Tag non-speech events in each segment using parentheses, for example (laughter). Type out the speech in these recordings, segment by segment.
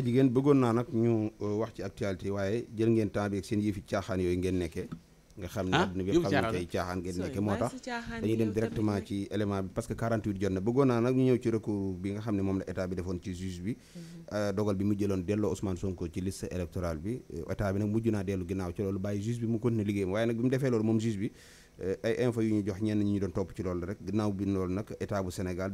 jigéen bëggoon naa nag ñu euh, wax ci actualité waaye jël ngeen temps bi ak seen yëfi caaxaan yooyu ngeen nekkee nga xam ne ah, àdduna dem directement ci élément bi parce que 48 jot na bëggoon naa nag ñu ñëw ci recours bi nga xam ne moom la état bi defoon ci juge bi mhm. euh, dogal bi mu jëloon delloo Ousmane Sonko ci liste électorale bi euh, état bi nag mujj naa dellu ginnaaw ci loolu bàyyi juge bi mu continuer liggéeyam waaye nag bi mu defee loolu moom juge bi ay info doon topp ci loolu rek ginnaaw bi loolu nag état bu Sénégal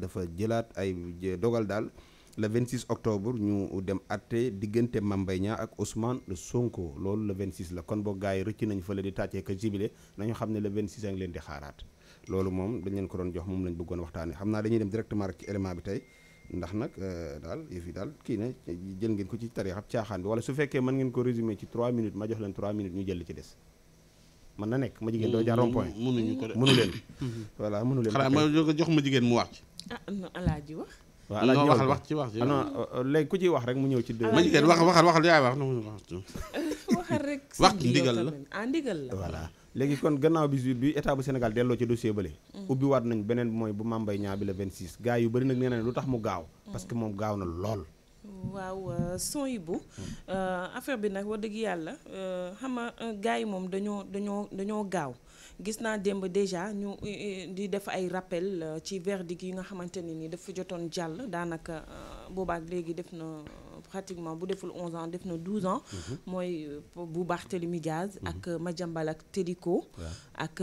le 26 octobre ñu dem atte diggante Mame ak Ousmane Sonko loolu le la kon boo gars yi rëcc nañ fële di tàccee ka jibile nañu xam ne le 26 a ngi leen di xaaraat loolu moom dañ leen ko doon jox moom lañ bëggoon waxtaanee euh, ne jël ngeen ko ci tarixab caaxaan bi wala su fekkee mën leen 3 minutes leen ma jox ma jigéen mu wax ci ah alaaji wax waaw ala ñu waxal wax ci wax ci ah, non euh, léegi ku ciy wax rek mu ñëw ci dé ma jigéen wax waxal waxal yaay wax na mu wax (laughs) waxal la ah voilà léegi kon gannaaw bi bi état bu Sénégal delloo ci dossier bële mm. ubbi waat nañ beneen mooy bu mambay ñaa bi la 26 gars yu bëri nag nee na lu tax mu gaaw mm. parce que moom gaaw na lool waaw euh, son yi bu mm. euh, affaire bi nag wax dëgg yàlla xam nga yi moom dañoo dañoo dañoo gaaw gis naa démb déjà ñu di def ay rappel euh, ci verdict yi nga xamante ne ni dafa jotoon jàll daanaka euh, boobaak léegi def na euh, pratiquement bu deful 11 ans def na 12 ans. Mhm. mooy bu Barthélémy Diaz. Mhm. ak Madiambal ak Téliko. ak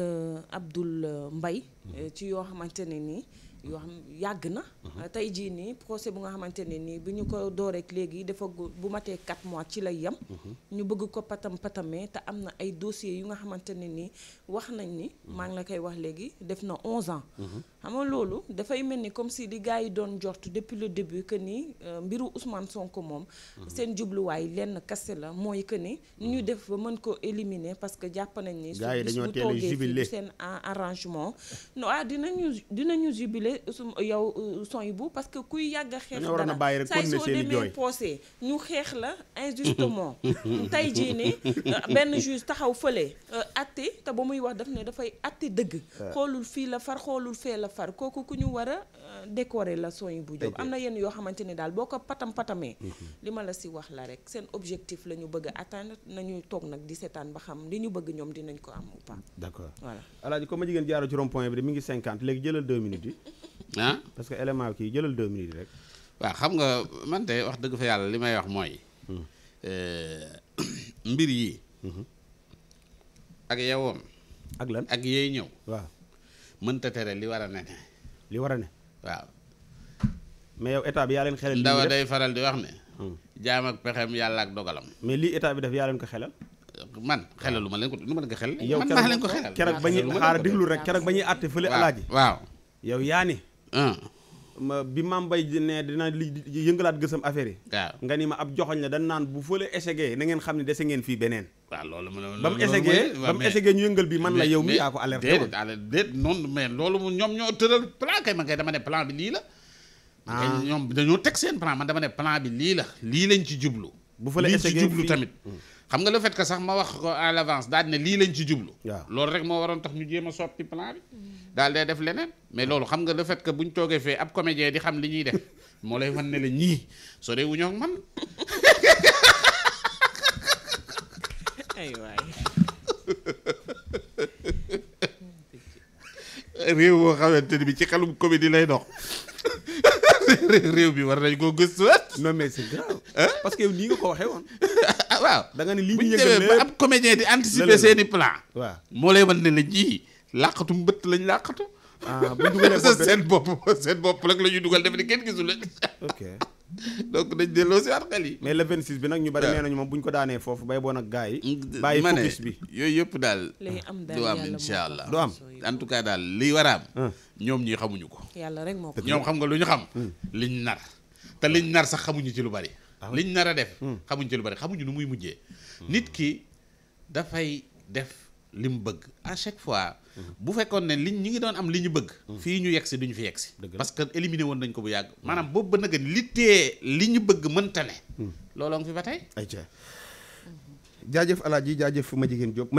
Abdoul mbay Euh, ci yoo xamante ne nii yoo xam yàgg na. Mhm. Euh, tey jii nii procès bu nga xamante ne nii bu ñu ko dooreek léegi dafa bu matee 4 mois ci lay yem. Mhm. ñu bëgg ko patam patamee te am na ay dossiers yu nga xamante ne nii wax nañ ni. Mhm. maa ngi la koy wax léegi def na 11 ans. xam loolu dafay mel ni comme si di gars yi doon jort depuis le début que ni euh, mbiru Ousmane Sonko moom. seen jubluwaay lenn kese la mooy que ni. ñu def ba mën ko éliminer parce que jàpp nañ ni. gars yi dañoo teel a (laughs) non ah dinañu dinañu jubilé su yow euh, son bu parce que kuy yàgg a xeex dara saay soo demee poosé ñu xeex la injustement (laughs) tey jii ni euh, benn juge taxaw fële euh, atte te ba muy wax daf ne dafay atte dëgg xoolul fii la far xoolul fee la far kooku ku ñu war a décorer la son yi bu jóg am na yenn yoo xamante ne daal boo ko patam patamee mhm. li ma la si wax la rek seen objectif la ñu bëgg a atteindre nañu toog nag di seetaan ba xam li ñu bëgg ñoom dinañ ko am ou pas d'accord voilà mi ngi cinquante léegi jëlal deux minutes yi ah parce que élément kii jëlal deux minutes yi rek waaw xam nga man de wax dëgg fa yàlla li may wax mooy hmm. eh, mbir yi hmm. ak yowoon ak lan ak yeey ñëw waaw mënta tere li war a ne li war a ne waaw mais yow état bi yaa leen xelal ndawa day faral di wax ne hmm. jaam ak pexem yàlla ak dogalam mais lii état bi def yaa leen ko xelal man xelalu ma leen ko nu ma leen ko xel yow man maa leen ko xelal keroog ba ñuy xaar déglu rek keroog ba ñuy àtte fële alaaji waaw yow yaa ni ah. bi maam bay ne dina li yëngalaat gësam affaire yi waaw nga ni ma ab joxoñ la dañ naan bu fële échegee na ngeen xam ne dese ngeen fii beneen waaw loolu ba mu échegee ba mu yëngal bi man la yow mi yaa ko alerté déet noonu loolu mu ñoom ñoo tëral plan kay man kay dama ne plan bi lii la ah. ñoom dañoo teg seen plan man dama ne plan bi lii la lañ ci jublu bu fële échegee tamit hmm. xam nga la fait que sax ma wax ko à l'avance daal ne lii lañ ci jublu. loolu rek moo waroon tax ñu jéem a sotti plan bi. Mm. daal day def leneen mais loolu xam nga le fait buñ toogee fee ab comédien di xam li ñuy def moo lay wan ne la ñii sore wuñoo ak man. (laughs) réew bi ci xelum comédie lay dox. (laughs) réew bi war nañ koo gëstuwaat. non mais c'est grave. parce que nii nga ko waxee ah waaw da nga ni lii ñu yëgal ba ab comédien di anticiper seen i moo lay wan ne la ji làqatu mbëtt lañ làqatu ah bu dugalee (laughs) bopp seen bopp seen bopp rek la ñuy dugal def ni kenn gisul ok (laughs) donc dañ delloo si waat xel yi mais le 26 bi nag ñu bari nee nañu moom bu ko daanee foofu bay boo ak gars yi mm, bàyyi focus bi yooyu yëpp daal du am insha allah du am en tout cas daal liy war ah. ñoom ñii xamuñu ko yàlla rek moo ko ñoom xam nga lu ñu xam mm. liñ nar te liñ nar sax xamuñu ci lu bari Ah liñ nar a def hmm. xamuñ ci lu bari xamuñu nu muy mujjee hmm. nit ki dafay def li mu bëgg à chaque fois hmm. bu fekkoon ne li ñu ngi doon am li ñu bëgg fii ñu yegg si ñu fi yegg si parce que éliminé woon nañ ko bu yàgg maanaam boobu ba nëgën li tee li ñu bëgg mënta ne looloo ngi fi ba tey jaajëf alaaji jaajëf ma jigéen Jóob